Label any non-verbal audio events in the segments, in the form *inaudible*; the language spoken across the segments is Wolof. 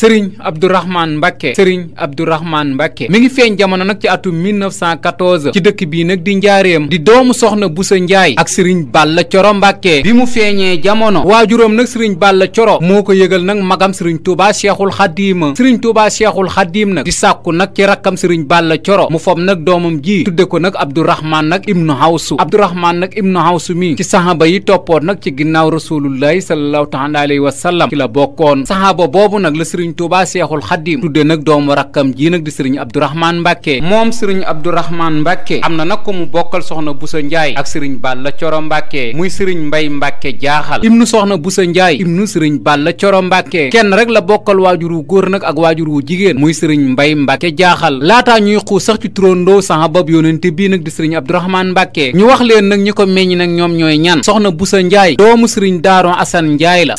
sëriñ Abdourahmane Mbacke sëriñ Abdourahmane Mbacke mi ngi feeñ jamono nag ci atum 1914 ci dëkk bii nag di njaareem di doomu soxna Busa Njaay ak sëriñ Balla Coro Mbacke bi mu feeñee jamono waajuram nag sëriñ Balla Coro moo ko yëgal nag magam sëriñ Touba Cheikhul Xadim sëriñ Touba Cheikhul Xadim nag di sàkku nag ci rakkam sëriñ Balla Coro mu fob nag doomam ji tudde ko nag Abdourahmane nag ibnu Hawsu Abdourahmane nag ibnu Hawsu mi ci saxaaba yi toppoon nag ci ginnaaw rasulullahi sallallahu taala la bokkoon saxaaba boobu la sëriñ sëriñ Touba Seexul Xaddim tudde nag doomu rakkam ji nag di sëriñ Abdourahmane Mbacke moom sëriñ Abdourahmane Mbacke am na nag ko mu bokkal soxna Boussa Ndiaye ak sëriñ Balla Coro Mbacke muy sëriñ Mbay Mbacke jaaxal ibnu soxna Boussa Ndiaye ibnu sëriñ Balla Coro Mbacke kenn rek la bokkal waajur wu góor nag ak waajur wu jigéen muy sëriñ Mbay Mbacke jaaxal laataa ñuy xuus sax ci turandoo sahabab yonente bii nag di sëriñ Abdourahmane Mbacke ñu wax leen nag ñi ko meññ nag ñoom ñooy ñan soxna Boussa Ndiaye doomu sëriñ Daaro Assane Ndiaye la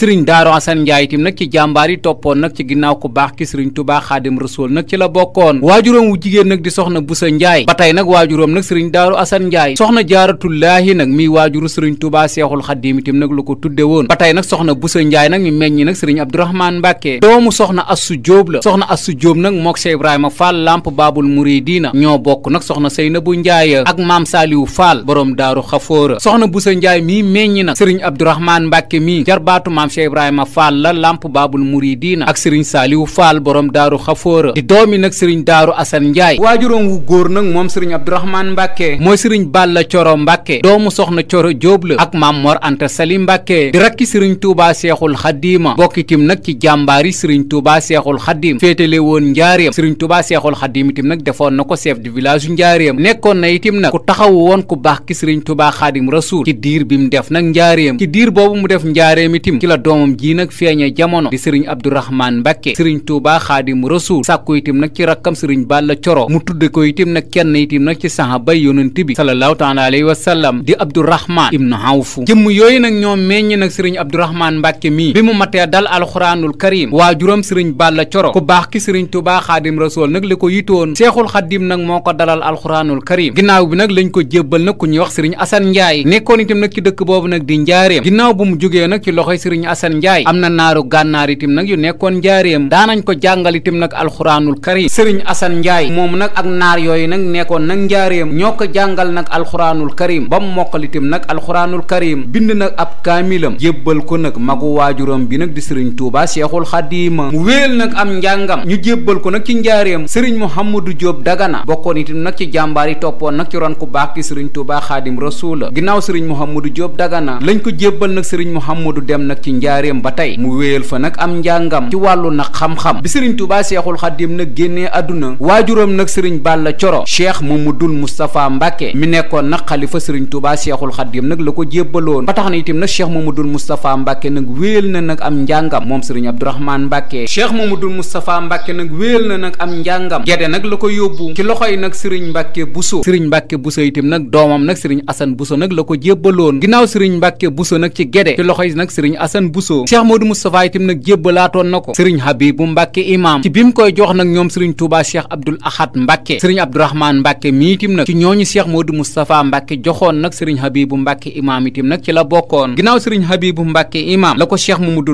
sëriñ ginnaaw ku baax ki sëriñ Tuubaa Xaadim Rasuul nag ci la bokkoon waajuróom wu jigéen nag di soxna Busa Njaay ba tey nag waajuróom nag sëriñ Daaru Asan Njaay soxna nag miy waajuru sëriñ Tuubaa Seexul Xaadim itam nag lu ko tudde ba tey nag soxna Busa Njaay nag mi meññi nag sëriñ Abdourahmaan Mbàkke doomu soxna Assu Jóob la soxna Assu Jóob nag mook Cheikh Ibrahima Fall Lamp Baabul Muridiina ñoo bokk nag soxna Seynabu Njaay ak Maam Saaliwu Fall boroom Daaru Xafoora soxna Busa Njaay mi meññi nag sëriñ Abdourahmaan Mbàkke mi jarbaatu Maam Cheikh Ibrahima Fall la Lamp Baabul Muridiina saaliwu faal boroom daaru xafoora di doomi nag sëriñ daaru asan njaay waajuroom wu góor nag moom sëriñ abdourahmaan mbàkke mooy sëriñ bàlla coro mbàkke doomu soxna coro jóob la ak maam mor anta sali mbàkke di rakki sëriñ tuubaa seexul xaddiima bokkitim nag ci jàmbaari sëriñ tuubaa seexul xaddiim féetale woon njaareem sëriñ tuubaa seexul xaddiim itim nag defoon na ko chef de village u njaareem nekkoon na itim nag ku taxawu woon ku baax ki sëriñ tuubaa xaadim rasuul ci diir bi mu def nag njaareem ci diir boobu mu def njaareem itim ci la doomam ji nag feeñe jamono sëriñ abdourahmaan Mbàkke sëriñ Tuubaa Xaadimu Rasuul sàkku itam nag ci rakkam sëriñ Balla Coro mu tudde ko itam nag kenn itam nag ci saxaabay yonent bi sallallahu taala alayhi wa sallam di Abdourahman ibnu Awfu jëmm yooyu nag ñoo meññ nag sëriñ Abdourahman Mbàkke mii bi mu matee dal alxuraanul karim waajuram sëriñ Balla Coro ku baax ki sëriñ Tuubaa Xaadim Rasuul nag li ko yitoon Seexul Xaadim nag moo ko dalal alxuraanul karim ginnaaw bi nag lañ ko jébbal nag ku ñuy wax sëriñ Asan Njaay nekkoon itam nag ci dëkk boobu nag di njaareem ginnaaw bu mu jógee nag ci loxoy sëriñ Asan Njaay am na naaru gànnaar itam nag yu nekkoon njaareem Maryam daanañ ko jàngal itam nag alxuraanul karim sëriñ Assane Ndiaye moom nag ak naar yooyu nag nekkoon nag njaareem ñoo ko jàngal nag alxuraanul karim ba mu mokkal itam nag alxuraanul karim bind nag ab kaamilam jébbal ko nag magu waajuram bi nag di sëriñ Touba Cheikhul Xadima mu wéel nag am njàngam ñu jébbal ko nag ci njaareem sëriñ Mouhamadou Diop Dagana bokkoon itam nag ci jàmbaar yi toppoon nag ci ron ku baax ki sëriñ Touba Xaadim Rasuula ginnaaw sëriñ Mouhamadou Diop Dagana lañ ko jébbal nag sëriñ Mouhamadou dem nag ci njaareem ba tey mu wéel fa nag am njàngam ci wàllu nag xam-xam bi sëriñ tubaa seexul xaddim nag génnee àdduna waajuram nag sëriñ bàlla coro cheikh mamadul moustapha mbàkke mi nekkoon nag xalifa sëriñ tubaa seexul xaddim nag la ko jébbaloon ba tax na itam nag cheikh mamadul moustapha mbàkke nag wéel na nag am njàngam moom sëriñ abdourahmaan mbàkke cheikh mamadul moustapha mbàkke nag wéel na nag am njàngam gede nag la ko yóbbu ci loxoy nag sëriñ mbàkke buso sëriñ mbàkke buso itam nag doomam nag sëriñ asan buso nag la ko jébbaloon ginnaaw sëriñ mbàkke buso nag ci gede ci loxoy nag sëriñ asan buso cheikh mamadou moustapha itam nag jébbalaatoon na ko Habibu Mbàkke imaam ci bi mu koy jox nag ñoom sëriñ Touba Cheikh Abdoul Ahad Mbàkke sëriñ Abdourahman Mbàkke mii itam nag ci ñooñu Cheikh Modou Moustapha Mbàkke joxoon nag sëriñ Habibu Mbàkke imaam itam nag ci la bokkoon ginnaaw sëriñ Habibu Mbàkke imaam la ko Cheikh Mamadou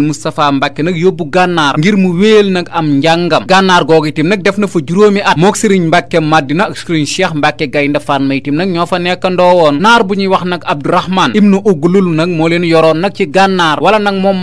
Mbàkke nag yóbbu gànnaar ngir mu wéel nag am njàngam gànnaar googu itam nag def na fa juróomi at mook sëriñ Mbàkke Madina ak sëriñ Cheikh Mbàkke Gaynde Fatma itam nag ñoo fa nekkandoo woon naar bu ñuy wax nag Abdourahman ibnu Uglul na moo leen yoroon nag ci gànnaar wala moo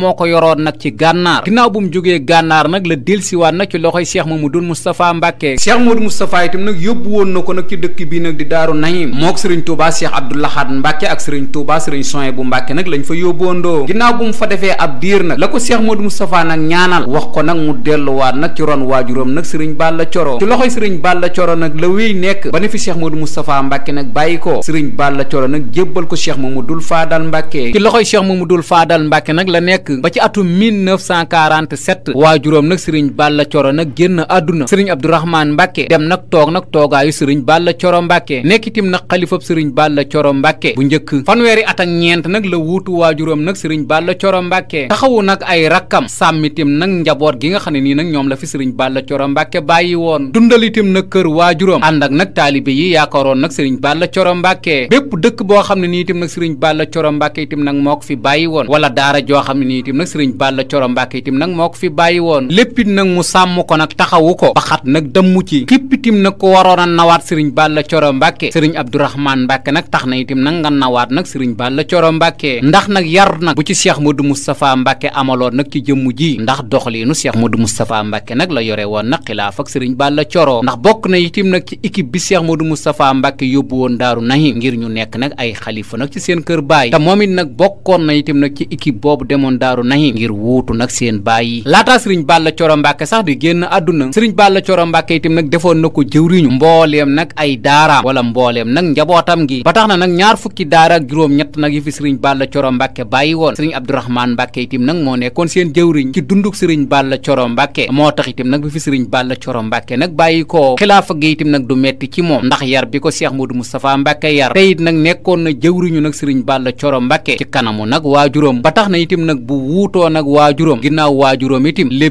gànnaar nag la delsiwaat nag ci loxoy cheikh mamadou moustapha mbàkke cheikh ko nag ci dëkk bii nag di daaru naim mook sëriñ touba cheikh abdoulahat mbàkke ak sëriñ touba sëriñ soye bu mbàkke nag lañ fa yóbboondoo ginnaaw bu mu fa defee ab nag la ko cheikh mamadou moustapha nag ñaanal wax ko nag mu delluwaat nag ci ron waajuram nag sëriñ balla coro ci loxoy sëriñ balla coro nag la wéy nekk ba ne fi cheikh mamadou moustapha mbàkke nag bàyyi ko sëriñ balla coro nag ko cheikh mamadou faadal mbàkke ci loxoy cheikh mamadou faadal mbàkke nag la nekk juróom nag sëriñ Balla Coro nag génn àdduna sëriñ Abdourahmane Mbacke dem nag toog nag toogaayu sëriñ Balla Coro nekk nekkitim nag xalifab sëriñ Balla Coro Mbacke bu njëkk fanweeri at ñeent nag la wuutu waajuram nag sëriñ Balla Coro Mbacke taxawu nag ay rakkam sàmmitim nag njaboot gi nga xam ne nii nag ñoom la fi sëriñ Balla Coro Mbacke bàyyi woon dundalitim nag kër waajuram ànd ak nag taalibe yi yaakaaroon nag sëriñ Balla Coro Mbacke bépp dëkk boo xam ne nii itam nag sëriñ Balla Coro Mbacke itam nag moo ko fi bàyyi woon wala daara joo xam ne nii itam nag Balla Coro Mbacke itam nag moo ko fi bàyyi woon woon léppit nag mu sàmm ko nag taxawu ko ba xat nag dëmm ci képpitim nag ko waroon a nawaat sëriñ Balla Coro Mbàkke sëriñ Abdourahmane Mbàkke nag tax na itim nag nga nawaat nag sëriñ Balla Coro Mbàkke ndax nag yar nag bu ci Cheikh Modou Moustapha Mbàkke amaloon nag ci jëmm ji ndax doxaliinu Cheikh Modou Moustapha Mbàkke nag la yore woon nag xilaaf ak sëriñ Balla Coro ndax bokk na itim nag ci équipe bi Cheikh Modou Moustapha Mbàkke yóbbu woon daaru nahi ngir ñu nekk nag ay xalifa nag ci seen kër baay te moom it nag bokkoon na itim nag ci équipe boobu demoon daaru nahi ngir wuutu nag seen baay sëriñ Balla Coro Mbàkke sax di génn àdduna sëriñ Balla Coro Mbàkke itam nag defoon na ko jëwriñu mbooleem nag ay daaraam wala mbooleem nag njabootam gi ba tax na nag ñaar fukki daara ak juróom-ñett nag yi fi sëriñ Balla Coro Mbàkke bàyyi woon sëriñ Abdourahmane Mbàkke itam nag moo nekkoon seen jëwriñ ci dunduk sëriñ Balla Coro Mbàkke moo tax itam nag bi fi sëriñ Balla Coro Mbàkke nag bàyyi koo xilaafa gi itam nag du metti ci moom ndax yar bi ko Cheikh Modou Moustapha Mbàkke yar te it nag nekkoon na jëwriñu nag sëriñ Balla Coro Mbàkke ci kanamu nag waajuróom ba tax na itam nag bu wuutoo nag waajuróom ginnaaw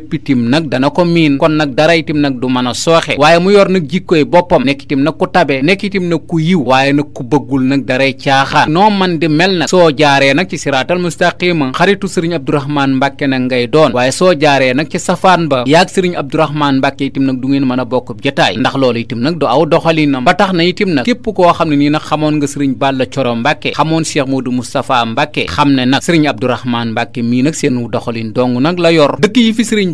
lépp itim nag dana ko miin kon nag dara itim nag du mën a sooxe waaye mu yor nag jikkoy boppam nekk itim nag ku tabe nekk itim nag ku yiw waaye nag ku bëggul nag daray caaxaan noo man di mel nag soo jaaree nag ci siraatal mustaqima xaritu sëriñ abdourahmaan mbàkke nag ngay doon waaye soo jaaree nag ci safaan ba yaag sëriñ abdourahmaan mbàkke itim nag du ngeen mën a bokk jotaay ndax loolu itim nag du aw doxalinam ba tax na itim nag képp koo xam ne nii nag xamoon nga sëriñ bàlla coro mbàkke xamoon cheikh modou moustapha mbàkke xam ne nag sëriñ abdourahmaan mbàkke mii nag seen doxalin dong nag la yor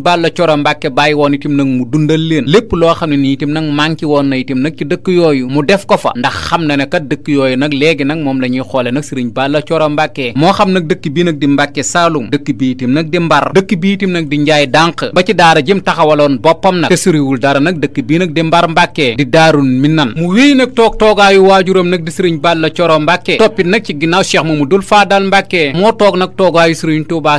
sëriñ Balla Coro Mbàkke bàyyi woon itam nag mu dundal leen lépp loo xam ne nii itam nag manqué woon na itam nag ci dëkk yooyu mu def ko fa ndax xam na ne kat dëkk yooyu nag léegi nag moom la ñuy xoole nag sëriñ Balla Coro Mbàkke moo xam nag dëkk bi nag di Mbàkke Saalum dëkk bi itam nag di Mbar dëkk bi itam nag di Njaay Dànq ba ci daara jëm taxawaloon boppam nag te suriwul dara nag dëkk bii nag di Mbar Mbàkke di Daarul mi nan mu wéy nag toog toogaayu waajuram nag di sëriñ Balla Coro Mbàkke toppit nag ci ginnaaw Cheikh Mamadul Faadal Mbàkke moo toog nag toogaayu sëriñ Tuubaa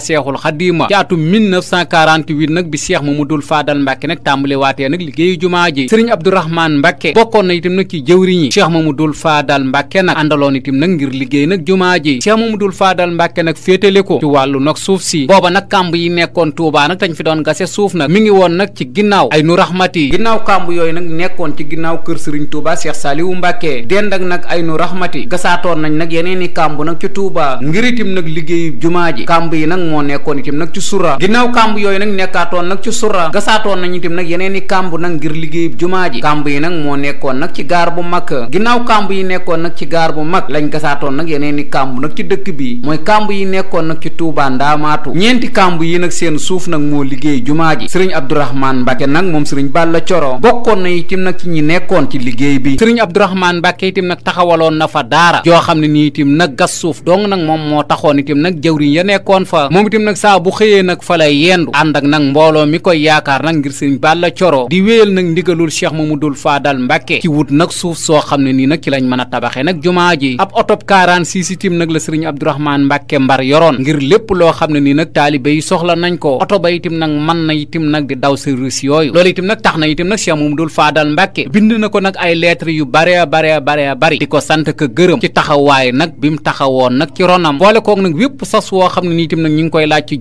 nag bi Cheikh Mamadou Fadal Mbacke nag tàmbale waatee nag liggéeyu jumaa ji Serigne Abdourahmane Mbacke bokkoon na itam nag ci jëwriñ yi Cheikh Mamadou Fadal Mbacke nag àndaloon itam nag ngir liggéey nag jumaa ji Cheikh Mamadou Fadal Mbacke nag féetale ko ci wàllu nag suuf si booba nag kàmb yi nekkoon Touba nag dañ fi doon gase suuf nag mi ngi woon nag ci ginnaaw ay nu raxmati ginnaaw kàmb yooyu nag nekkoon ci ginnaaw kër Serigne Touba Cheikh Saliou Mbacke dend ak nag ay nu raxmati gasaatoon nañ nag yeneen i kàmb nag ci Touba ngir itam nag liggéeyu jumaa ji kàmb yi nag moo nekkoon itam nag ci sura nekkaatoon nag ci sura gasaatoon nañu itam nag yeneen i kàmb nag ngir liggéeyub jumaa ji kàmb yi nag moo nekkoon nag ci gaar bu mag ginnaaw kàmb yi nekkoon nag ci gaar bu mag lañ gasaatoon nag yeneen i kàmb nag ci dëkk bi mooy kàmb yi nekkoon nag ci Tuubaa Ndaamaatu ñeenti kàmb yi nag seen suuf nag moo liggéey jumaa ji sëriñ Abdourahmane Mbacke nag moom sëriñ Balla Coro bokkoon na itam nag ci ñi nekkoon ci liggéey bi sëriñ Abdourahmane Mbacke itam nag taxawaloon na fa daara joo xam ne nii itam nag gas suuf dong moo taxoon itam nag jawriñ ya nekkoon fa moom itam nag saa bu xëyee nag fa nag mbooloo mi koy yaakaar nag ngir sëriñ Balla Coro di wéyal nag ndigalul cheikh Mamadul Faadal Mbàkke ci wut nag suuf soo xam ne nii nag ci lañ mën a tabaxee nag jumaa ji ab otop 46 itim nag la sëriñ Abdourahmane Mbàkke Mbar yoroon ngir lépp loo xam ne nii nag taalibe yi soxla nañ ko oto ba itim nag mën na itim nag di daw service yooyu loolu itim nag tax na itim nag cheikh Mamadul Faadal Mbàkke bind na ko nag ay lettres yu bare bare bare bari di ko sant ka gërëm ci taxawaay nag bi mu taxawoon nag ci ronam boole koog nag wépp sas woo xam koy laaj ci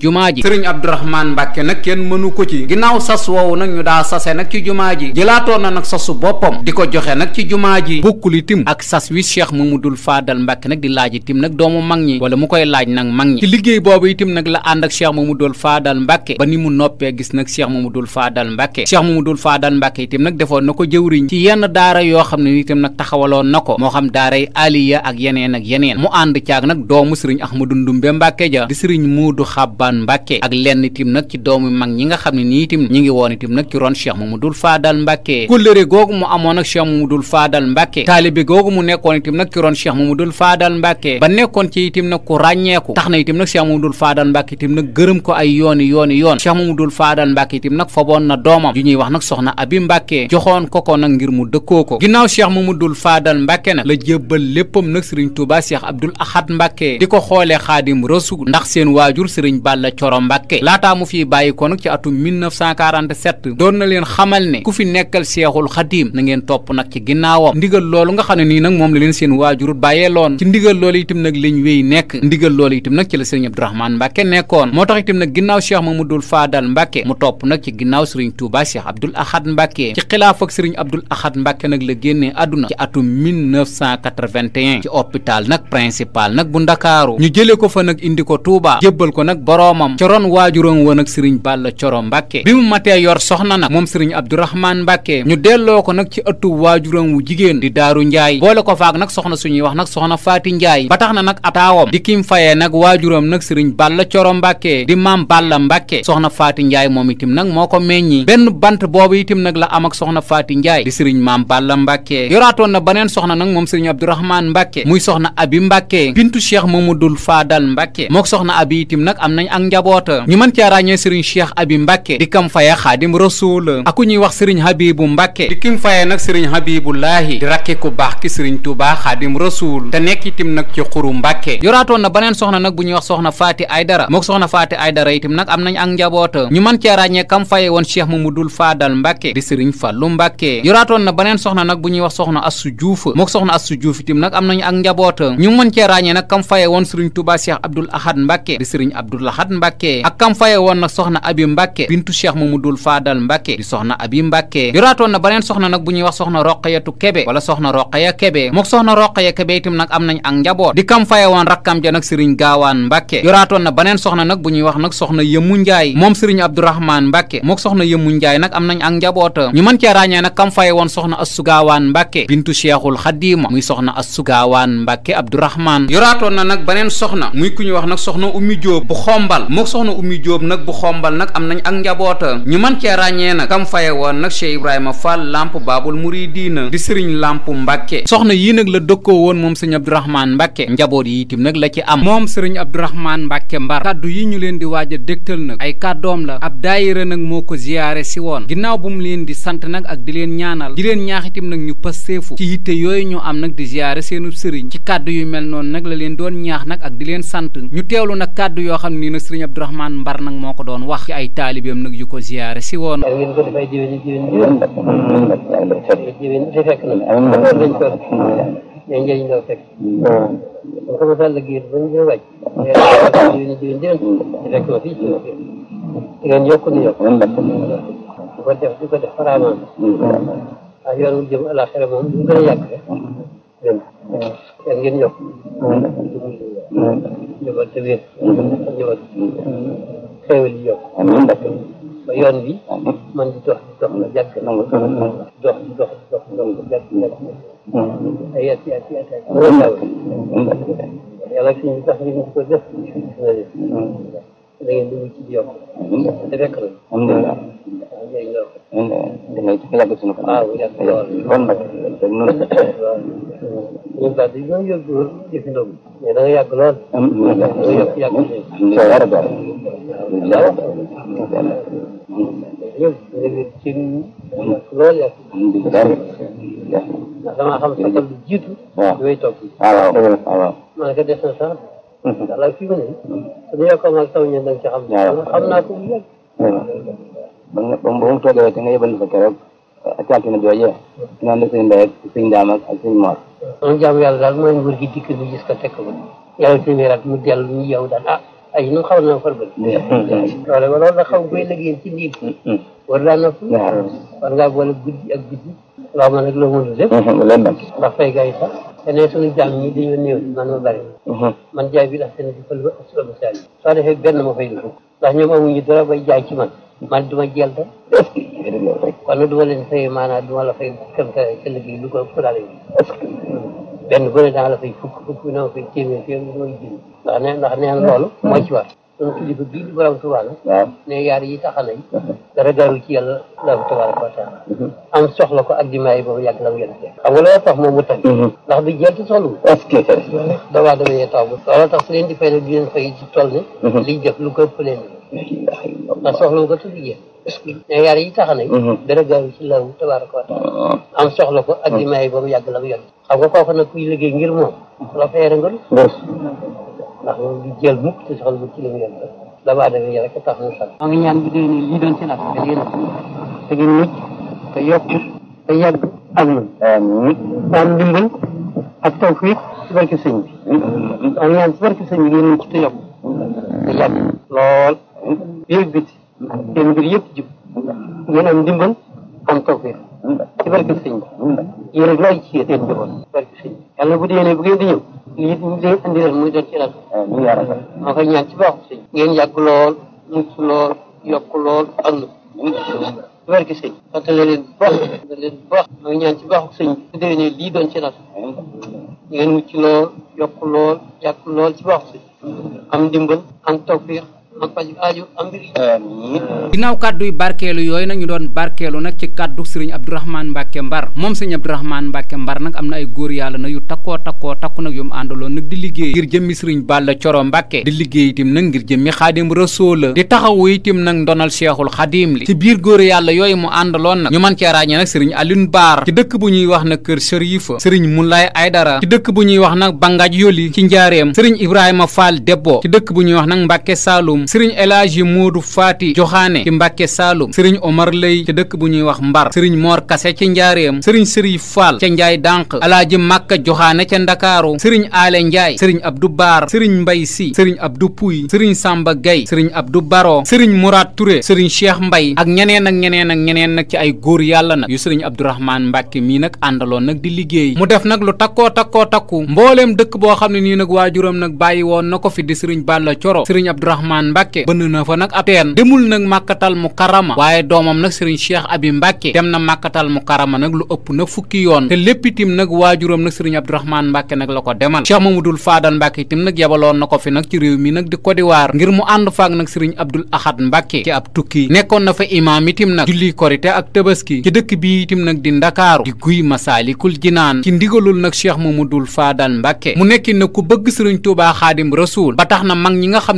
kenn mënu ko ci ginnaaw sas woowu nag ñu daa sase nag ci jumaa ji jëlaatoon na nag sasu boppam di ko joxe nak ci jumaa ji bokkuli tim ak sas wi mu mu dul faadal mbàkke nag di laaj itim nag doomu mag ñi wala mu koy laaj nag mag ñi ci liggéey boobu itim nag la ànd ak cheikh mamadul faadal mbàkke ba ni mu noppee gis nag mu dul faadal mbàkke mu dul faadal mbàkke itim nag defoon na ko jëwriñ ci yenn daara yoo xam ne itam nag taxawaloon na ko moo xam daaray aliya ak yeneen ak yeneen mu ànd caag nag doomu sëriñ ahmadu ndumbe mbàkke ja di sëriñ muudu xabbaan mbàkke ak lenn itim nag mag ñi nga xam ne nii itam ñi ngi woon itam nag ci ron cheikh mamadul faadal mbàkke kullëre googu mu amoon ak cheikh mamadul faadal mbàkke taalibe googu mu nekkoon itam nag ci ron cheikh mamadul faadal mbàkke ba nekkoon ci itam nag ku ràññeeku tax na itam nag cheikh mamadul faadal mbàkke itam nag gërëm ko ay yooni yooni yoon cheikh mamadul faadal mbàkke itam nag faboon na doomam yu ñuy wax nag soxna abi mbàkke joxoon ko ko nag ngir mu dëkkoo ko mu cheikh mamadul faadal mbàkke nag la jébbal léppam nag sëriñ tuuba cheikh abdul ahad mbàkke di ko xoolee xaadim rasul ndax seen waajur sëriñ balla coro mbàkke nag ci atum 1947 doon na leen xamal ne ku fi nekkal seexul xadiim na ngeen topp nag ci ginnaawam ndigal loolu nga xam ne nii nag moom la leen seen waajurut bàyyee loon ci ndigal loolu itam nag lañ wéy nekk ndigal loolu itam nag ci la sëriñ Abdourahmane Mbacke nekkoon moo tax itam nag ginnaaw Cheikh Mamadou Fadal Mbacke mu topp nag ci ginnaaw sëriñ Touba Cheikh Abdoul Ahad Mbacke nag la génnee àdduna ci atum ci hôpital nag principal nag bu Ndakaaru ñu jëlee ko fa ko Touba jébbal ko nag Balla Coro Mbàkke bi mu matee yor soxna nag moom sëriñ Abdourahmane Mbàkke ñu delloo ko nag ci ëttu waajuram wu jigéen di Daaru Njaay boole ko faak nag soxna suñuy wax nag soxna Faati Njaay na nag ab taawam di kim fayee nag waajuram nag sëriñ Balla Coro Mbàkke di maam Balla Mbàkke soxna Faati Njaay moom itim nag moo ko meññi benn bant boobu itim nag la am ak soxna Faati Njaay di sëriñ maam Balla Mbàkke yoraatoon na baneen soxna nag moom sëriñ Abdourahmane Mbàkke muy soxna Abi Mbàkke bintu Cheikh Mamadul Faadal Mbàkke mook soxna Abi itim nag am nañ ak njaboota ñu cheikh abi mbàkke di kam faye xaadim rasul aku ñuy wax sëriñ habibu mbàkke di kim faye nag sëriñ habibullaahi di rakki ku baax ki sëriñ tuubaa xaadim rasul te nekk itim nag ci xuru mbàkke yoraatoon na baneen soxna nag bu ñuy wax soxna faati aydara mook soxna faati nag am nañ ak njaboota ñu mën cee ràññee kam faye woon cheikh mamadul faadal mbàkke di sëriñ fàllu mbàkke yoraatoon na baneen soxna nag bu ñuy wax soxna assu juuf mook soxna assu juuf itim nag am nañu ak njaboota ñu mën cee ràññee nag kam faye woon sëriñ tuubaa cheikh abdul ahad mbàkke di sëriñ abdul ahad mbàkke ak faye woon nag soxna abi bi mbàkke bintu cheikh mamadul faadal mbàkke di soxna abi mbàkke yoraatoon na baneen soxna nag bu ñuy wax soxna roqayatu kebe wala soxna roqaya kebe mook soxna roqaya kebe itam nag am nañ ak njaboot di kam fayewoon rakkam ja nag sëriñ gaawaan mbàkke yoraatoon na baneen soxna nag bu ñuy wax nag soxna yëmmu njaay moom sëriñ abdourahmaan mbàkke mook soxna yëmmu njaay nag am nañ ak njabootam ñu mën cee ràññee nag kam fayewoon soxna assu gaawaan mbàkke bintu nag am nañ ak njaboota ñu man cee ràññee nag kam faye woon nag Cheikh Ibrahima Fall làmp baabul muridiina di sëriñ làmp Mbàkke soxna yii nag la dëkkoo woon moom sëriñ Abdourahmane Mbàkke njaboot yi itam nag la ci am moom sëriñ Abdourahmane Mbàkke mbar kaddu yi ñu leen di waaj a nag ay kàddoom la ab daayira nag moo ko ziyaare si woon ginnaaw bu mu leen di sant nag ak di leen ñaanal di leen ñaax itam nag ñu passeefu ci yitte yooyu ñu am nag di ziyaare seenu sëriñ ci kàddu yu mel noonu nag la leen doon ñaax nag ak di leen sant ñu teewlu kàddu yoo xam ni nag sëriñ Abdourahmane Mbar nag moo ko ay taalibeem nag yu ko ziyaare si woon. ko def di ko def faraamaan waaw yoon wu jëm alaxira moom du gën a yàgg rek yéen ngeen yokk jubal te wér jubal xéwal yi yokk amiin Mbacke ba yoon bi man di dox dox nga jàkk nangu dox dox dox nangu jàkk nekk ay at at at at yàlla suñu tax ñu ko def dangeen dugg ci yokk. te fekk la. alhamdulilah. dangay yàgg suñu kanam. waaw yàgg lool. kon nag noonu. ñun daal dañu doon yóbbu yëfi ndogu. mais da nga yàgg lool. yàgg yàgg. lool yàgg. ndax damaa xam sa tool bi jiitu. waaw waaw waaw. man ka des na sax. daal fi ma ne. suñu yokkoon ak taw ñun da nga ci xam. waaw xam ba mu toogee te nga yóbbu fa keroog càkki na jooje. naan la sëñ Mbaye ak sëñ Daam ak sëñ Mor. Mhm. daal mooy nguur gi dikk ñu gis ko teg ko yàlla téeméer mu dellu ñu yow daal ah, ay ñun xaw na far bëri. *laughs* loolu loolu la xam koy liggéey ci lii. Mhm. war naa war ngaa boole guddi ak te ne sunu jaam ñi dañoo néew man ma bëri mhm. man jaay bi ndax seen si fël asula ba sali soo defee benn ma fay dugg ndax ñoom amuñu dara bay jaay ci man man duma jël da kon nag duma leen fay maanaam duma la fay kemtare sa liggéey lu ko furaale yi benn bu ne la fay fukk fukk na ma fay téeméer téeméer duma jënd ndax neen loolu moo ci sama kilifa bii di borom Tuubaa la. ne yaar yi tax a lay. dara garu ci yàlla laaw tabaaraka mm-hmm. am soxla ko ak dimaay boobu yàgg la mu yàgg. xam nga loolu tax mm-hmm. ndax du jël ci soxla wu. est di fay nag di leen fay ci tool ne. Mm-hmm. liñ def lu ko ëpp leen. ndax soxla wu ko a ah. soxla ko ak dimaay boobu yàgg la mu yàgg. xam nga kooku ndax loolu du jël mukk te soxal bu ci la mu yem la ba adama yi rek tax na sax maa ngi ñaan bi dee ne lii doon ci nag te ngeen te ngeen mucc te yokk te yàgg ak ñun amiin am ndimbal ak tawfiq ci barke sëñ bi maa ngi ñaan ci barke sëñ bi ngeen mucc te yokk te yàgg lool biir biti seen mbir yëpp jub ngeen am ndimbal am tawfiq ci barke sëñ bi yéen rek loo ci seen njaboot barke sëñ bi yàlla bu dee ne bu ngeen di ñëw lii ndigal muy doon ci dal moo koy ñaan ci baaxu sëñ ngeen yàgg lool mucc lool yokk lool ànd barke ci baaxu sëñ su déwénee lii doon ci lool yokk lool yàgg lool ci baaxu sëñ am ndimbal am tawfiix ak paju aajo yu barkeelu yooyu nag ñu doon barkeelu nag ci kàddu sëriñ Abdourahmane Mbacke Mbar moom sëriñ Abdourahmane mbàkke Mbar nag am na ay góor yàlla na yu takkoo takkoo takku nag yu mu àndaloon nag di liggéey ngir jëmmi sëriñ Balla Coro Mbacke di liggéey itam nag ngir jëmmi xaadim rasool la di taxawu itam nag ndonal Cheikhul Xadim li ci biir góor yàlla yooyu mu àndaloon nag ñu man cee ràññee nag sëriñ Alioune Baar ci dëkk bu ñuy wax nag kër Serifa sëriñ Moulay Aydara ci dëkk bu ñuy wax nag Bangaaj Yoli ci Njaareem sëriñ Ibrahima Fall Debbo sëriñ El Hadji du Faati Joxaane ci Mbàkke Saalum sëriñ Omar Lay dëkk bu ñuy wax Mbar sëriñ Mor Kase ci Njaareem sëriñ Sëriñ Faal ca Njaay Dànq Alaaji Màkka Joxaane ca Ndakaaru sëriñ Aale Njaay sëriñ du Baar sëriñ Mbay Si sëriñ ab du Puy sëriñ Sàmba Gay sëriñ du Baro sëriñ Muraad Ture sëriñ Cheikh Mbay ak ñeneen ak ñeneen ak ñeneen nag ci ay góor yàlla nag yu sëriñ Abdourahmaan Mbàkke mii nag àndaloon nag di liggéey mu def nag lu takkoo ta takku mbooleem dëkk boo xam ne nii nag waajuram nag bàyyi woon na ko fi di sëriñ Balla Mbacke bënn na fa nag ab teen demul nag màkkatal mu karama waaye doomam nag sëriñ Cheikh Abi Mbacke dem na màkkatal mu karama nag lu ëpp na fukki yoon te lépp itim nag waajuram nag sëriñ Abdourahmane Mbacke nag la ko demal Cheikh Mamadou Fadal Mbacke itim nag yebaloon na ko fi nag ci réew mi nag di Kodiwaar ngir mu ànd faak nag sëriñ Abdoul Ahad Mbacke ci ab tukki nekkoon na fa imaam itim nag julli korite ak tëbaski ci dëkk bi itim nag di Ndakaaru di guy Masaalikul Jinaan ci ndigalul nag Cheikh Mamadou na ku bëgg sëriñ Touba Xaadim Rasuul ba tax na mag ñi nga xam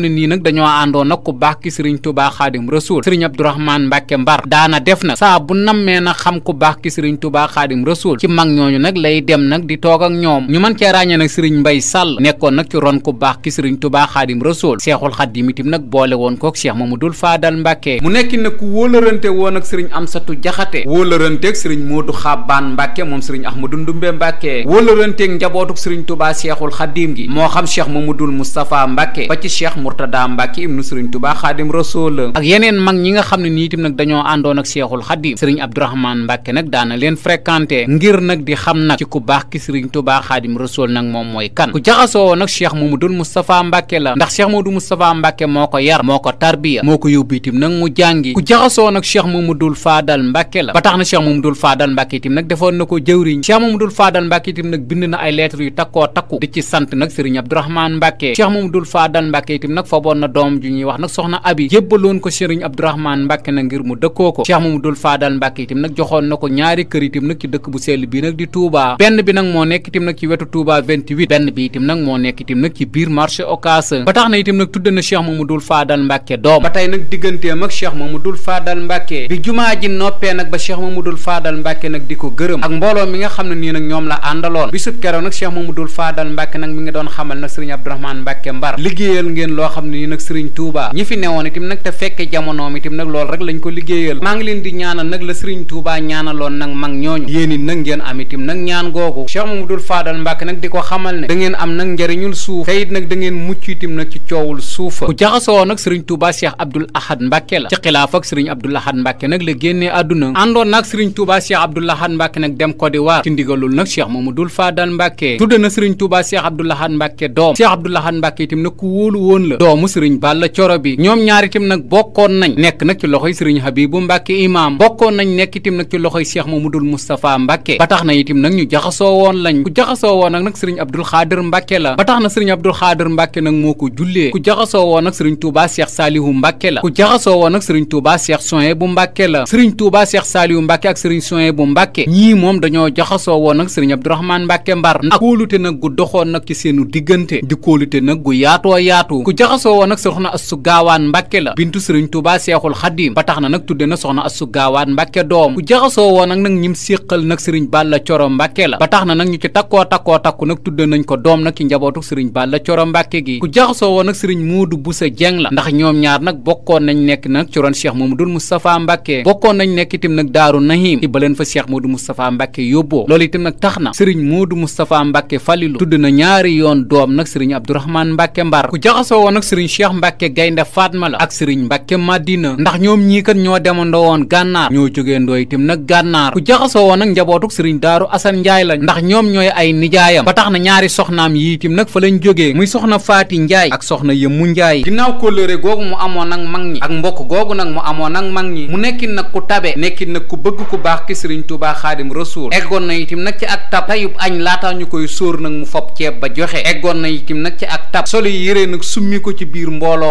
àndoon nag ku baax ki sëriñ tubaa xaadim rasuul sëriñ abdourahmaan mbàkke mbar daana def nag saa bu nammee na xam ku baax ki sëriñ tubaa xaadim rasuul ci mag ñooñu nag lay dem nag di toog ak ñoom ñu mën cee ràññee nag sëriñ mbay sàll nekkoon nag ci ron ku baax ki sëriñ tubaa xaadim rasuul seexul xaadim itam nag boole woon ko kook cheikh mamadul faadal mbàkke mu nekki nag ku wóolarante woon ak sëriñ amsatu jaxate wóolaranteeg sëriñ moodu xabbaan mbàkke moom sëriñ ahmadu ndumbe mbàkke wóolaranteeg njabootuk sëriñ tubaa seexul xaadim gi moo xam cheikh mamadul mustapha mbàkke ba ci cheikh murtada mbàkke ibnu liggéeyam sëriñ Tuubaa Xaadim Rasuul ak yeneen mag ñi nga xam ne nii itam nag dañoo àndoon ak Seexul Xaadim sëriñ Abdourahmane Mbàkke nag daana leen fréquenté ngir nag di xam nag ci ku baax ki sëriñ Tuubaa Xaadim Rasuul nag moom mooy kan ku jaxasoo nag Cheikh Mamadul Moustapha Mbàkke la ndax Cheikh Mamadul Moustapha Mbàkke moo ko yar moo ko tarbiya moo ko yóbbu itam nag mu jàngi ku jaxasoo nag Cheikh Mamadul Faadal Mbàkke la ba tax na Cheikh Mamadul Faadal Mbàkke itam nag defoon na ko jëwriñ Cheikh Mamadul Faadal Mbàkke itam nag bind na ay lettres yu takkoo takku di ci sant nag ju ñuy wax nag soxna abi jébbaloon ko sëriñ abdourahman mbàkke na ngir mu dëkkoo ko cheikh mamadul faadal mbàkke itam nag joxoon na ko ñaari kër itam nag ci dëkk bu sell bii nag di Touba benn bi nag moo nekk itam nag ci wetu Touba 28 benn bi itam nag moo nekk itam nag ci biir marché Ocass ba tax na itam nag tudd na cheikh mamadul faadal mbàkke doom ba tey nag digganteem ak cheikh mamadul faadal mbàkke bi jumaa ji noppee nag ba cheikh mamadul faadal mbàkke nag di ko gërëm ak mbooloo mi nga xam ne nii nag ñoom la àndaloon bisub keroog nag cheikh mamadul faadal mbàkke nag mi ngi doon xamal nag sëriñ abdourahman mbàkke mbar liggéeyal ngeen loo xam ne nii nag sëriñ sëriñ Touba ñi nag te fekke jamonoom itam nag loolu rek lañ ko liggéeyal maa ngi leen di ñaanal nag la sëriñ Touba ñaanaloon nag mag ñooñu yéen it nag ngeen am itam nag ñaan googu Cheikh Mamadou Fadal Mbacke nag di ko xamal ne da ngeen am nag njëriñul suuf te it nag da ngeen mucc itam nag ci coowul suufa ku jaxasoo nag sëriñ Touba Cheikh Abdoul Ahad la ci xilaaf ak sëriñ Abdoul Ahad Mbacke nag la génnee àdduna àndoon nag sëriñ Touba Cheikh Abdoul Ahad Mbacke nag dem Côte d'Ivoire ci ndigalul nag Cheikh Mamadou Fadal Mbacke tudd na sëriñ Touba Balla Coro bi ñoom ñaar itam nag bokkoon nañ nekk nag ci loxoy sëriñ Habibu Mbàkke imaam bokkoon nañ nekk itam nag ci loxoy Cheikh Mamadul Moustapha Mbàkke ba tax na itam nag ñu jaxasoo woon lañ ku jaxasoo woon nag nag sëriñ Abdul Xaadir Mbàkke la ba tax na sëriñ Abdul Xaadir Mbàkke nag moo ko jullee ku jaxasoo woon nag sëriñ Touba Cheikh Saalihu Mbàkke la ku jaxasoo woon nag sëriñ Touba Cheikh Soye bu Mbàkke la sëriñ Touba Cheikh Saalihu Mbàkke bu Mbàkke ñii moom dañoo jaxasoo woon nag sëriñ Abdourahmane Mbàkke Mbar ak kóolute nag gu doxoon nag ci seenu diggante di kóolute nag gu ku jaxasoo soxna assu gaawaan mbàkke la bintu sëriñ tuuba seexul xaddiim ba tax na nag tudde na soxna assu gaawaan mbàkke doom ku jaxasoo woon ak nag ñim séqal nag sëriñ balla coro mbàkke la ba tax na nag ñu ci takkoo takkoo takku nag tudde nañ ko doom nag ci njabootu sëriñ balla coro mbàkke gi ku jaxasoo woon nag sëriñ muudu busa jeng la ndax ñoom ñaar nag bokkoon nañ nekk nag ci roon cheikh mamadul moustapha mbàkke bokkoon nañ nekk itam nag daaru nahim i baleen fa cheikh mamadou moustapha mbàkke yóbboo loolu itam tax na sëriñ muudu moustapha mbàkke falilu tudd na ñaari yoon doom nag sëriñ abdourahman mbàkke mbar ku jaxasoo woon nag sëriñ Mbacke Gaynde Fatma la ak Serigne Mbacke Madina ndax ñoom ñii kat ñoo demandoo woon gànnaar ñoo jógee ndoo itam nag gànnaar ku jaxasoo woon nag njabootuk Serigne Daaru Assane Ndiaye lañ ndax ñoom ñooy ay nijaayam ba tax na ñaari soxnaam yi itam nag fa lañ jógee muy soxna Faati Ndiaye ak soxna Yëmmu Ndiaye ginnaaw kóllëre googu mu amoon nag mag ñi ak mbokk googu nag mu amoon nag mag ñi mu nekkin nag ku tabe nekkin nag ku bëgg ku baax ki Serigne Touba Xaadim Rasuul eggoon na itam nag ci ak tab tayub añ laataa ñu koy sóor nag mu ba joxe eggoon na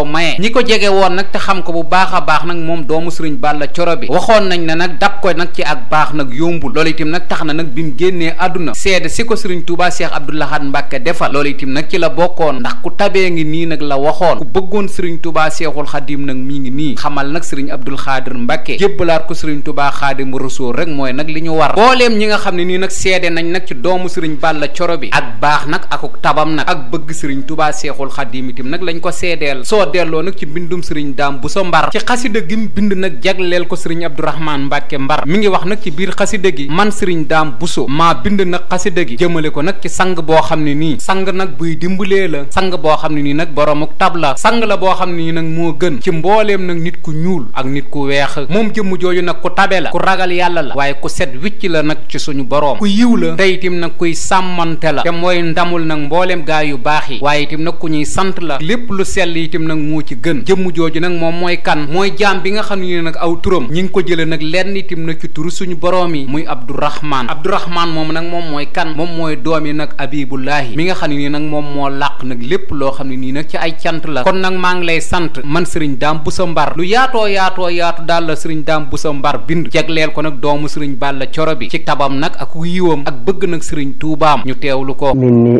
koo maye ñi ko jege woon nag te xam ko bu baax a baax nag moom doomu sëriñ Balla Coro bi waxoon nañ ne nag dab ko nag ci ak baax nag yombul loolu itam nag tax na nag bi mu génnee àdduna seede si ko sëriñ Touba Cheikh Abdou Lahad Mbacke defal loolu itam nag ci la bokkoon ndax ku tabee ngi nii nag la waxoon ku bëggoon sëriñ Touba Cheikhul Khadim nag mi ngi nii xamal nag sëriñ Abdul Xaadir Mbacke jébbalaat ko sëriñ Touba Xaadimu Rasuul rek mooy nag li ñu war booleem ñi nga xam ne nii nag seede nañ nag ci doomu sëriñ Balla Coro bi ak baax nag akuk tabam nag ak bëgg sëriñ Touba Cheikhul Khadim itam nag lañ ko seedeel soo delloo nag ci bindum sëriñ daam bu sa mbar ci xasida gi mu bind nag jagleel ko sëriñ abdourahman mbàkke mbar mi ngi wax nag ci biir xasida gi man sëriñ daam buso maa bind nag xasida gi jëmale ko nag ci sang boo xam ne nii sang nag buy dimbalee la sang boo xam ne nii nag boroomuk tab la sang la boo xam ne nii nag moo gën ci mbooleem nag nit ku ñuul ak nit ku weex moom jëmm jooju nag ku tabe la ku ragal yàlla la waaye ku set wicc la nag ci suñu boroom ku yiw la tey nag kuy sàmmante mooy ndamul nag mbooleem gaa yu baax yi waaye moo ci gën jëmm jooju nag moom mooy kan mooy jaam bi nga xam ne nag aw turam ñi ngi ko jëlee nag lenn itim na ci turu suñu boroom yi muy abdourahman abdourahman moom nag moom mooy kan moom mooy doom doomi nag abibullahi mi nga xam ne nii nag moom moo làq nag lépp loo xam ne nii nag ci ay cant la kon nag maa ngi lay sant man sëriñ daam bu sa mbar lu yaatoo yaatoo yaatu daal sëriñ daam bu sa mbar bind jegleel ko nag doomu sëriñ Balla Coro bi ci tabam nag ak yiwam ak bëgg nag sëriñ tuubaam ñu teewlu ko minni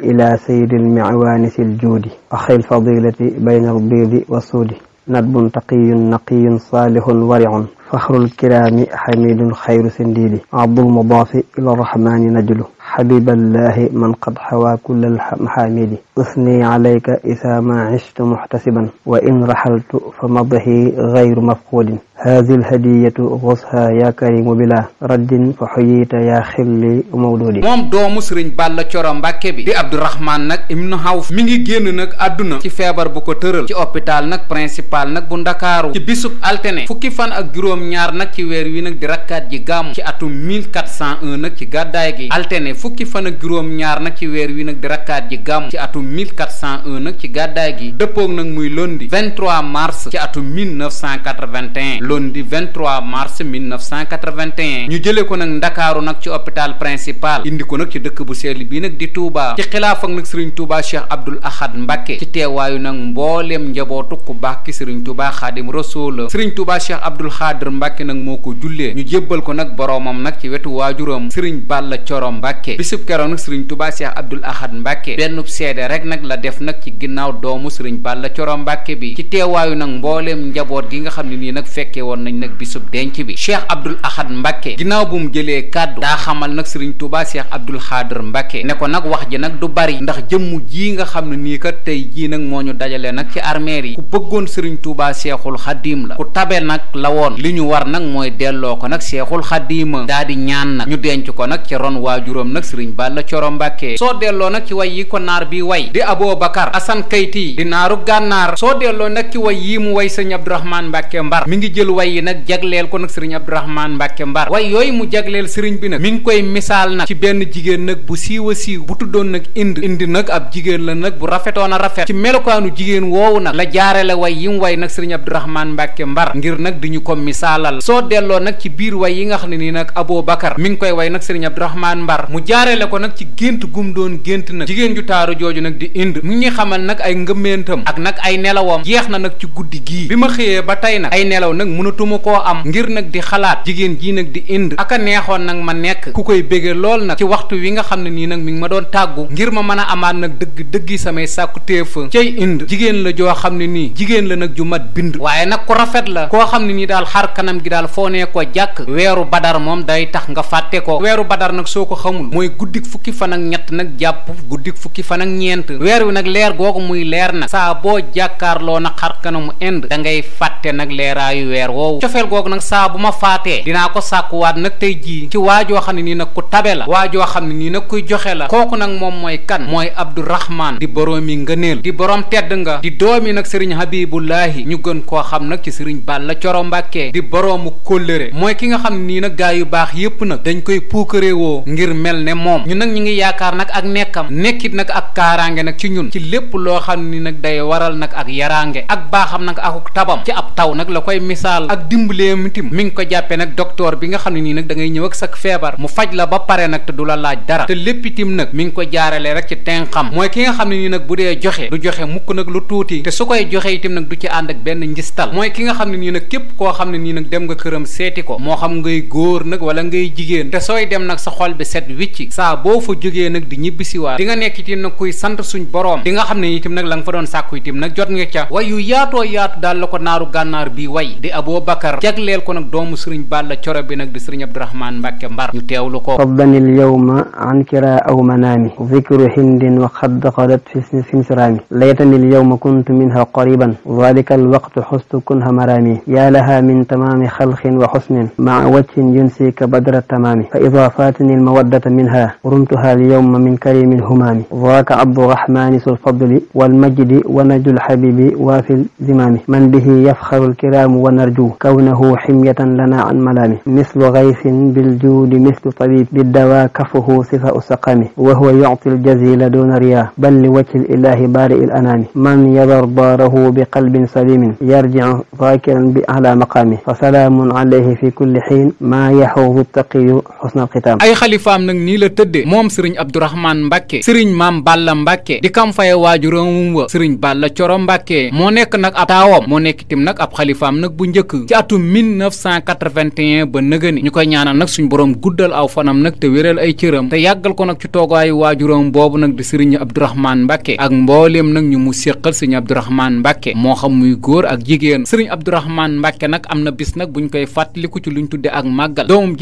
البيض وسوده ندب تقي نقي صالح ورع فخر الكرام حميد خير سنديد عبد المضاف إلى الرحمن نجله xabiballaahi man qad xawaa kulla almaxaamidi usni calayka isaa maa cistu muxtasiban wa in raxaltu fa madxii gayru mafquudin haadi alhadiyatu gosha yaa karimu bila raddin fa xoyiita yaa xilli mawduudi moom doomu sëriñ Balla Coro Mbàkke bi di Abdourahman nag ibnu Awf mi ngi génn nag àdduna ci feebar bu ko tëral ci hôpital nag principal nag bu ndakaaru ci bisub altene fukki fan ak juróom ñaar nag ci weer wi nag di rakkaat ji gàmm ci atum 1401 nag ci gàddaay gi altene fukki fan ak juróom-ñaar nag ci weer wi nag di rakkaat ji gàmm ci atum 1401 nag ci gàddaay gi dëppook nag muy lundi 23 mars ci atum 1981 lundi 23 mars 1981 ñu jëlee ko nag ndakaaru nag ci opital principal indi ko nag ci dëkk bu sell bii nag di Touba ci xilaaf nag Serigne Touba Cheikh Abdoul Ahad Mbacké ci teewaayu nag mbooleem njabootu ku baax ki Serigne Touba Xaadim Rasul Serigne Touba Cheikh Abdoul Xaadir Mbacké nag moo ko jullee ñu jébbal ko nag boroomam nag ci wetu waajuram Serigne Balla Coro Mbacké Mbacke bisub keroog nag sëriñ Touba Cheikh Abdoul Ahad Mbacke bennub seede rek nag la def nag ci ginnaaw doomu sëriñ Balla Coro Mbacke bi ci njaboot gi nga xam ne nii nag fekkee woon nañ nag bisub denc bi Cheikh Abdoul Ahad Mbacke ginnaaw bu mu jëlee kàddu daa xamal nag sëriñ Touba Cheikh Abdoul Xaadir Mbacke ne ko nag wax ji nag du bari ndax jëmm jii nga xam ne nii kat tey jii nag moo ñu dajale nag ci armeer yi ku bëggoon sëriñ Touba Cheikhul Xadim la ku tabe nag la woon li ñu war nag mooy delloo ko nag Cheikhul Xadima daa ñaan nag ñu denc ko nag ci ron waajuram moom nag sëriñ Balla Coro Mbàkke soo delloo nag ci way yi ko naar bi way di Aboubacar Asan Kayti di naaru gànnaar soo delloo nag ci way yi mu way sëriñ Abdourahmane Mbàkke Mbar mi ngi jël way yi nag jagleel ko nag sëriñ Abdourahmane Mbàkke Mbar way yooyu mu jagleel sëriñ bi nag mi ngi koy misaal nag ci benn jigéen nag bu siiw a siiw bu tuddoon nag indi indi nag ab jigéen la nag bu rafetoon a rafet ci melokaanu jigéen woowu nag la jaare way yi mu way nag sëriñ Abdourahmane Mbàkke Mbar ngir nag di ñu ko misaalal soo delloo nag ci biir way yi nga xam ne nii nag Aboubacar mi ngi koy way nag sëriñ Abdourahmane Mbar mu jaareele ko nag ci gént gum doon gént nag jigéen ju taaru jooju nag di ind mu ngi xamal nag ay ngëmeentam ak nag ay nelawam jeex na nag ci guddi gii bi ma xëyee ba tey nag ay nelaw nag mënatuma koo am ngir nag di xalaat jigéen jii nag di ind aka neexoon nag ma nekk ku koy bége lool nag ci waxtu wi nga xam ne nag mi ngi ma doon tàggu ngir ma mën a amaat nag dëgg dëggi samay sàkku téef cay ind jigéen la joo xam ne nii jigéen la nag ju mat bind waaye nag ku rafet koo xam ne nii xar kanam gi daal foo nee ko weeru badar moom day tax nga fàtte ko weeru badar nag soo ko xamul mooy guddi fukki fan ak ñett nag jàpp guddi fukki fan ak ñeent weer wi nag leer googu muy leer nag saa boo jàkkaarloo nag xar kanamu ind da ngay fàtte nag leeraayu weer woowu cofeel googu nag saa bu ma faatee dinaa ko sàkkuwaat nag tey jii ci waajoo xam ne nii nag ku tabe la waajoo xam ne nii nag kuy joxe la kooku nag moom mooy kan mooy abdourahman di boroomi ngëneel di borom tedd nga di doomi nag sëriñ habibullahi ñu gën koo xam nag ci sëriñ Balla Coro Mbàkke di boroomu kóllëre mooy ki nga xam nii nag gaa yu baax yépp nag dañ koy puukarewoo ngir mel mel ne moom ñu nag ñu ngi yaakaar nag ak nekkam nekkit nag ak kaaraange nag ci ñun ci lépp loo xam ni nag day waral nag ak yaraange ak baaxam nag ak tabam ci ab taw nag la koy misaal ak dimbalee itam mi ngi ko jàppee nag docteur bi nga xam ne nii nag da ngay ñëw ak sa feebar mu faj la ba pare nag te du la laaj dara te lépp itam nag mi ngi ko jaarale rek ci tenxam mooy ki nga xam ne nii nag bu dee joxe du joxe mukk nag lu tuuti te su koy joxe nag du ci ànd ak benn njistal mooy ki nga xam ne nii nag képp koo xam ne nii nag dem nga këram seeti ko moo xam ngay góor nag wala ngay jigéen sooy dem nag sa xol bi set wicc wécci saa boo fa jógee nag di ñibbisiwaat di nga nekk itam nag kuy sant suñ boroom di nga xam ne itam nag la nga fa doon sàkku itam nag jot nga ca way yu yaatoo yaatu daal la ko naaru gànnaar bi way di aboo bakar jagleel ko nag doomu sëriñ Balla Coro bi nag di sëriñ Abdourahmane Mbàkke Mbar ñu teewlu ko faddanil yawma an kira aw manaami zikru hindin wa xad xalat fi sinsiraami laytanil yawma kuntu minha qariban zalika alwaqtu xustu kunha maraami yaa laha min tamaami xalqin wa xusnin maa wajhin yunsika badra tamaami fa idaa faatani almawaddata منها رمتها اليوم من كريم الهمام ذاك عبد الرحمن ذو الفضل والمجد ونجد الحبيب وافي الزمام من به يفخر الكرام ونرجو كونه حمية لنا عن ملام مثل غيث بالجود مثل طبيب بالدواء كفه صفاء السقام وهو يعطي الجزيل دون رياء بل لوجه الإله بارئ الأنام من يضر باره بقلب سليم يرجع ذاكرا على مقامه فسلام عليه في كل حين ما يحوظ التقي حسن الختام أي خليفة من nii la tëddee moom sëriñ abdourahmaan mbàkke sëriñ maam balla mbàkke di kam faye waajuram wa sëriñ balla coro mbàkke moo nekk nag ab taawam moo nekk itam nag ab xalifaam nag bu njëkk ci atum 1981 ba nëgëni ñu koy ñaanal nag suñu borom guddal aw fanam nag te wéral ay cëram te yàggal ko nag ci toogaayu waajuram boobu nag di sëriñ abdourahmaan mbàkke ak mbooleem nag ñu mu séqal sëriñ abdourahmaan mbàkke moo xam muy góor ak jigéen sëriñ abdourahmaan mbàkke nag am na bis nag buñ koy fàttaliku ci luñ tudde ak màggal doomam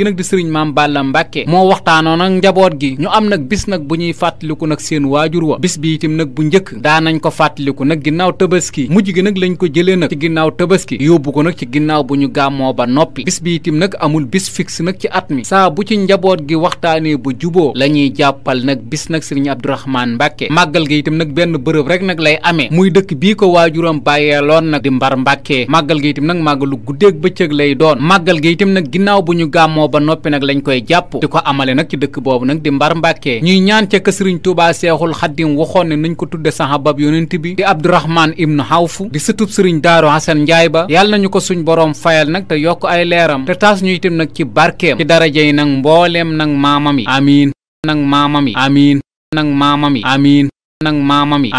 njaboot gi ñu am nag bis nag bu ñuy fàttaliku nag seen waajur wa bis bi itam nag bu njëkk daanañ ko fàttaliku nag ginnaaw tabaski mujj gi nag lañu ko jëlee nag ci ginnaaw tabaski yóbbu ko nag ci ginnaaw bu ñu gàmmoo ba noppi bis bi itam nag amul bis fixe nag ci at mi saa bu ci njaboot gi waxtaanee bu juboo la ñuy jàppal nag bis nag sëriñ Abdourahmane Mbàkke màggal gi itam nag benn bërëb rek nag lay amee muy dëkk bii ko waajuram bàyyeeloon nag di mbar mbàkkee màggal gi nag màggalu guddeeg bëccëg lay doon màggal gi itam ginnaaw bu ñu gàmmoo ba noppi nag lañ koy jàpp ko amale nag ci dëkk boobu nag di mbar mbàkke ñuy ñaan ca ka sëriñ tuubaa seexul xaddim waxoon ne nañ ko tudde sahabab yonent bi di abdourahman ibnu xawf di sëtub sëriñ daaru hasan njaay ba yàlla nañu ko suñ boroom fayal nag te yokk ay leeram te taas ñu itam nag ci barkeem ci daraja yi nag mbooleem nag maamam yi amiin nag maamam yi amiin nag maamam yi amiin nag maamam yi